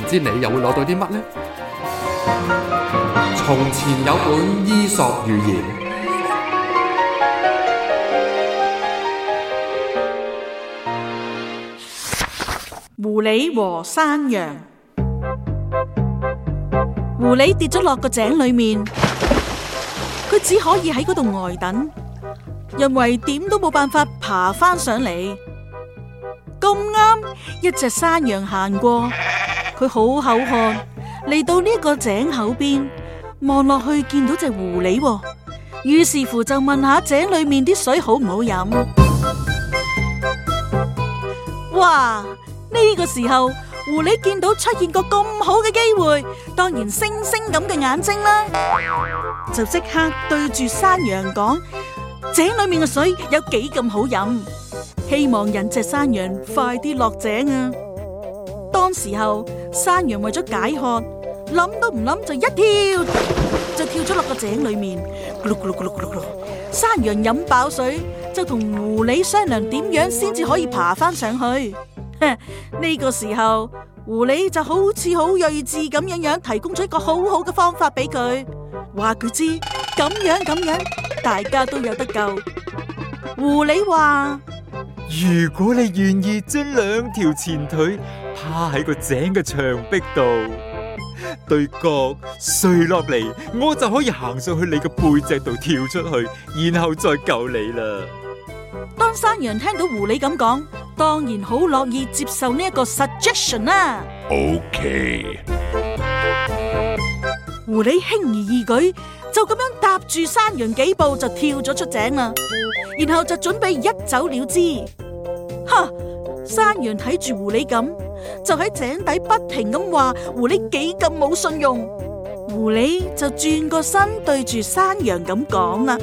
唔知你又會攞到啲乜呢？從前有本伊索寓言，狐狸和山羊。狐狸跌咗落個井裏面，佢只可以喺度呆等，認為點都冇辦法爬返上嚟。咁啱，一隻山羊行過。佢好口渴，嚟到呢個井口邊，望落去見到隻狐狸，於是乎就問下井裏面啲水好唔好飲？哇！呢個時候，狐狸見到出現個咁好嘅機會，當然星星咁嘅眼睛啦，就即刻對住山羊講：井裏面嘅水有幾咁好飲，希望引隻山羊快啲落井啊！時候，山羊為咗解渴，諗都唔諗就一跳，就跳咗落個井裏面。山羊飲飽水，就同狐狸商量點樣先至可以爬返上去。呢個時候，狐狸就好似好睿智咁樣樣，提供咗一個好好嘅方法俾佢，話佢知咁樣咁樣，大家都有得救。狐狸話：如果你願意將兩條前腿，趴喺個井嘅牆壁度，對角碎落嚟，我就可以行上去你嘅背脊度跳出去，然後再救你啦。當山羊聽到狐狸咁講，當然好樂意接受呢一個 suggestion 啦。OK，狐狸輕而易舉就咁樣搭住山羊幾步就跳咗出井啦，然後就準備一走了之。哈！山羊睇住狐狸咁。就喺井底不停咁話狐狸幾咁冇信用。狐狸就轉個身對住山羊咁講啦。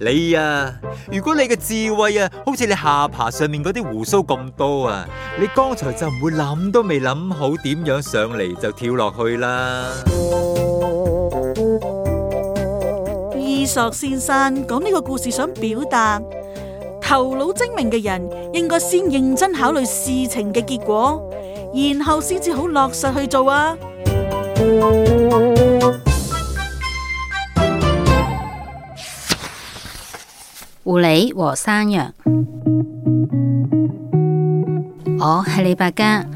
你啊，如果你嘅智慧啊，好似你下巴上面嗰啲鬍鬚咁多啊，你剛才就唔會諗都未諗好點樣上嚟，就跳落去啦。伊索先生講呢個故事想表達。頭腦精明嘅人應該先認真考慮事情嘅結果，然後先至好落實去做啊！狐狸和山羊，我係李伯家。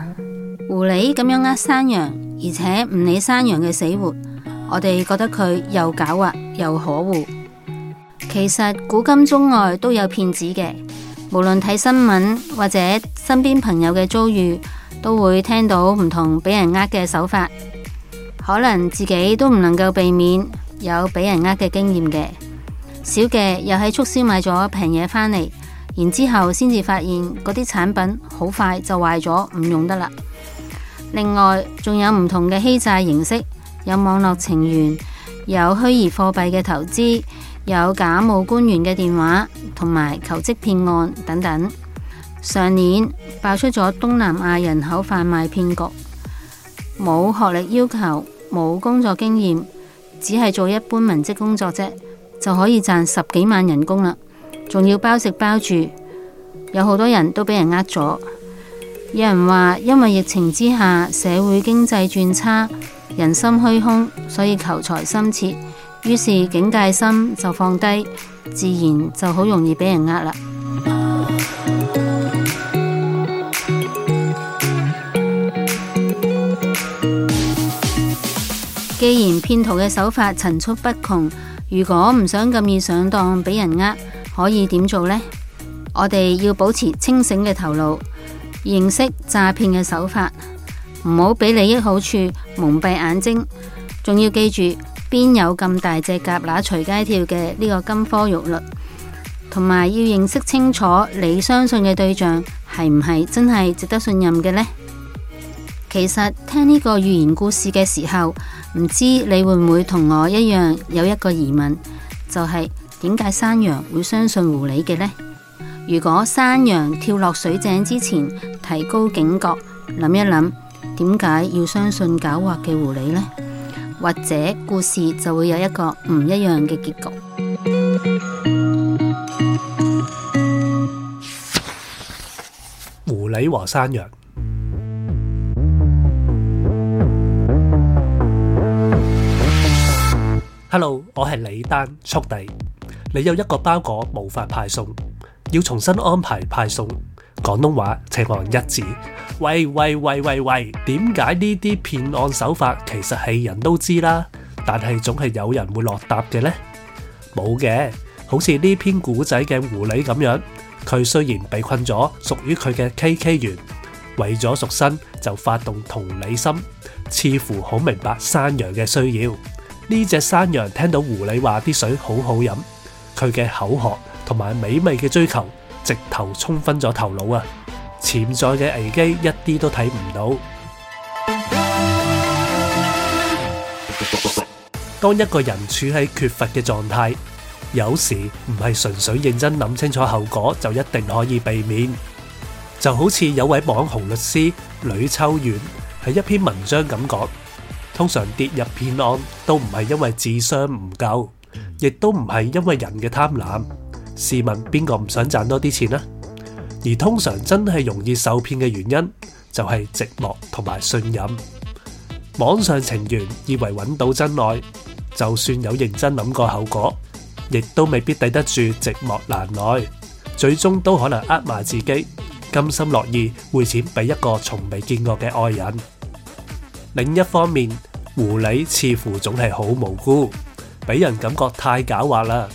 狐狸咁樣呃山羊，而且唔理山羊嘅死活，我哋覺得佢又狡猾又可惡。其實古今中外都有騙子嘅，無論睇新聞或者身邊朋友嘅遭遇，都會聽到唔同俾人呃嘅手法。可能自己都唔能夠避免有俾人呃嘅經驗嘅，小嘅又喺促銷買咗平嘢返嚟，然之後先至發現嗰啲產品好快就壞咗，唔用得啦。另外仲有唔同嘅欺詐形式，有網絡情緣，有虛擬貨幣嘅投資。有假冒官員嘅電話，同埋求職騙案等等。上年爆出咗東南亞人口販賣騙局，冇學歷要求，冇工作經驗，只係做一般文職工作啫，就可以賺十幾萬人工啦，仲要包食包住。有好多人都俾人呃咗。有人話因為疫情之下，社會經濟轉差，人心虛空，所以求財心切。於是警戒心就放低，自然就好容易俾人呃啦。既然騙徒嘅手法層出不窮，如果唔想咁易上當俾人呃，可以點做呢？我哋要保持清醒嘅頭腦，認識詐騙嘅手法，唔好俾利益好處蒙蔽眼睛，仲要記住。邊有咁大隻蛤乸隨街跳嘅呢個金科玉律？同埋要認識清楚，你相信嘅對象係唔係真係值得信任嘅呢？其實聽呢個寓言故事嘅時候，唔知你會唔會同我一樣有一個疑問，就係點解山羊會相信狐狸嘅呢？如果山羊跳落水井之前提高警覺，諗一諗，點解要相信狡猾嘅狐狸呢？或者故事就會有一個唔一樣嘅結局。狐狸和山羊。Hello，我係李丹，速遞。你有一個包裹無法派送，要重新安排派送。廣東話請按一字，喂喂喂喂喂，點解呢啲騙案手法其實係人都知啦，但係總係有人會落搭嘅呢？冇嘅，好似呢篇古仔嘅狐狸咁樣，佢雖然被困咗，屬於佢嘅傭傭員，為咗贖身就發動同理心，似乎好明白山羊嘅需要。呢隻山羊聽到狐狸話啲水好好飲，佢嘅口渴同埋美味嘅追求。直頭沖昏咗頭腦啊！潛在嘅危機一啲都睇唔到。當一個人處喺缺乏嘅狀態，有時唔係純粹認真諗清楚後果就一定可以避免。就好似有位網紅律師呂秋遠喺一篇文章咁講：通常跌入騙案都唔係因為智商唔夠，亦都唔係因為人嘅貪婪。試問邊個唔想賺多啲錢啊？而通常真係容易受騙嘅原因，就係寂寞同埋信任。網上情緣以為揾到真愛，就算有認真諗過後果，亦都未必抵得住寂寞難耐，最終都可能呃埋自己，甘心樂意匯錢俾一個從未見過嘅愛人。另一方面，狐狸似乎總係好無辜，俾人感覺太狡猾啦。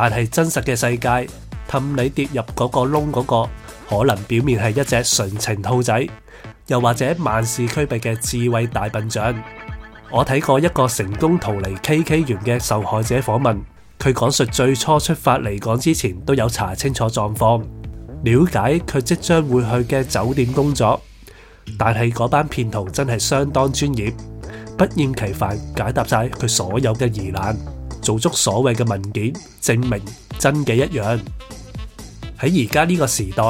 但係真實嘅世界，氹你跌入嗰個窿，嗰個可能表面係一隻純情兔仔，又或者萬事俱備嘅智慧大笨象。我睇過一個成功逃離 KK 園嘅受害者訪問，佢講述最初出發離港之前都有查清楚狀況，了解佢即將會去嘅酒店工作。但係嗰班騙徒真係相當專業，不厭其煩解答晒佢所有嘅疑難。做足所謂嘅文件證明真嘅一樣，喺而家呢個時代，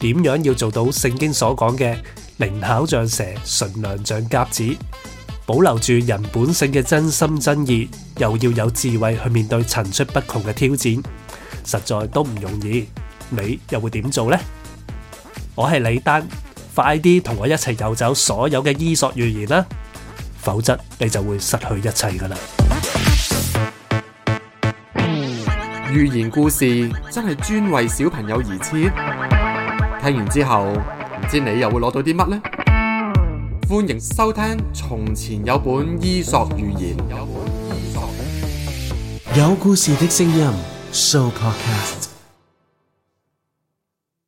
點樣要做到聖經所講嘅靈巧像蛇，純良像鴿子，保留住人本性嘅真心真意，又要有智慧去面對層出不窮嘅挑戰，實在都唔容易。你又會點做呢？我係李丹，快啲同我一齊遊走所有嘅伊索寓言啦，否則你就會失去一切噶啦。寓言故事真係專為小朋友而設，聽完之後唔知你又會攞到啲乜呢？歡迎收聽《從前有本伊索寓言》，有故事的聲音 Sooo podcast。